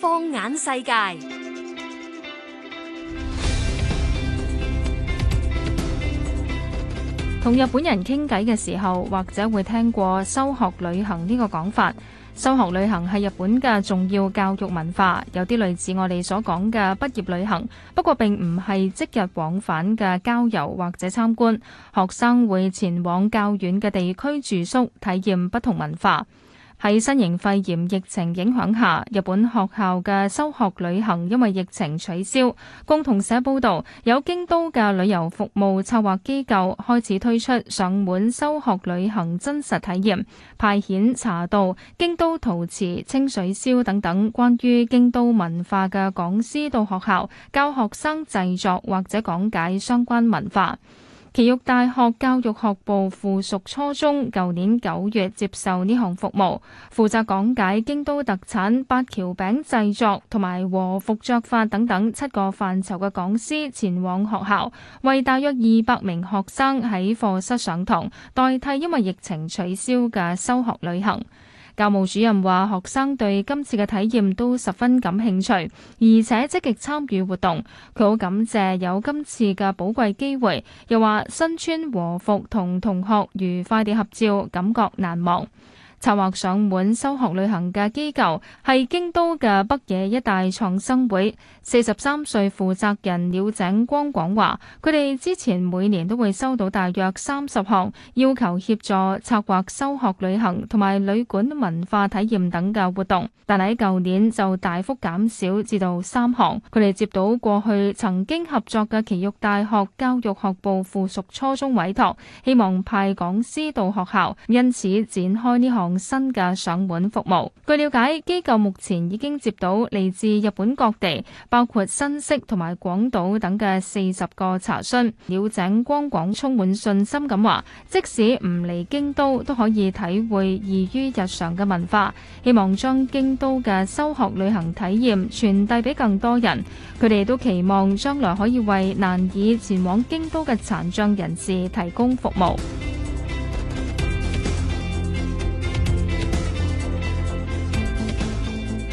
放眼世界。同日本人傾偈嘅時候，或者會聽過修學旅行呢個講法。修學旅行係日本嘅重要教育文化，有啲類似我哋所講嘅畢業旅行，不過並唔係即日往返嘅郊遊或者參觀。學生會前往較遠嘅地區住宿，體驗不同文化。喺新型肺炎疫情影響下，日本學校嘅修學旅行因為疫情取消。共同社報道，有京都嘅旅遊服務策劃機構開始推出上門修學旅行真實體驗，派遣茶道、京都陶瓷、清水燒等等關於京都文化嘅講師到學校教學生製作或者講解相關文化。埼玉大學教育學部附屬初中舊年九月接受呢項服務，負責講解京都特產八橋餅製作同埋和服著法等等七個範疇嘅講師前往學校，為大約二百名學生喺課室上堂，代替因為疫情取消嘅修學旅行。教務主任話：學生對今次嘅體驗都十分感興趣，而且積極參與活動。佢好感謝有今次嘅寶貴機會，又話身穿和服同同學愉快地合照，感覺難忘。策劃上門修學旅行嘅機構係京都嘅北野一大創生會，四十三歲負責人廖井光廣話：佢哋之前每年都會收到大約三十項要求協助策劃修學旅行同埋旅館文化體驗等嘅活動，但喺舊年就大幅減少至到三項。佢哋接到過去曾經合作嘅埼玉大學教育學部附屬初中委託，希望派講師到學校，因此展開呢項。新嘅上門服務。據了解，機構目前已經接到嚟自日本各地，包括新潟同埋廣島等嘅四十個查詢。鳥井光廣充滿信心咁話：即使唔嚟京都，都可以體會異於日常嘅文化。希望將京都嘅修學旅行體驗傳遞俾更多人。佢哋都期望將來可以為難以前往京都嘅殘障人士提供服務。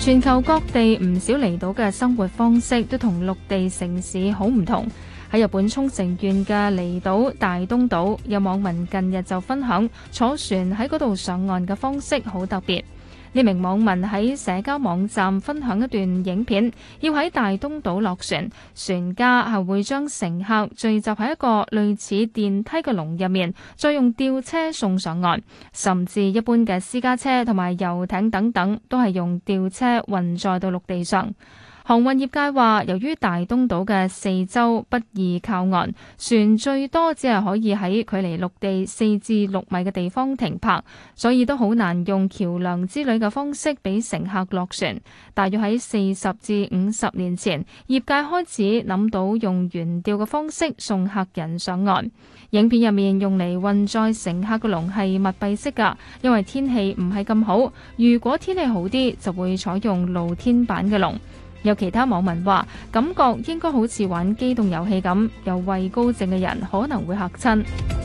全球各地唔少離島嘅生活方式都同陸地城市好唔同。喺日本沖繩縣嘅離島大東島，有網民近日就分享坐船喺度上岸嘅方式好特別。呢名網民喺社交網站分享一段影片，要喺大東島落船，船家係會將乘客聚集喺一個類似電梯嘅籠入面，再用吊車送上岸，甚至一般嘅私家車同埋遊艇等等，都係用吊車運載到陸地上。航運業界話，由於大東島嘅四周不易靠岸，船最多只係可以喺距離陸地四至六米嘅地方停泊，所以都好難用橋樑之類嘅方式俾乘客落船。大約喺四十至五十年前，業界開始諗到用懸吊嘅方式送客人上岸。影片入面用嚟運載乘客嘅籠係密閉式㗎，因為天氣唔係咁好。如果天氣好啲，就會採用露天版嘅籠。有其他網民話：感覺應該好似玩機動遊戲咁，有畏高症嘅人可能會嚇親。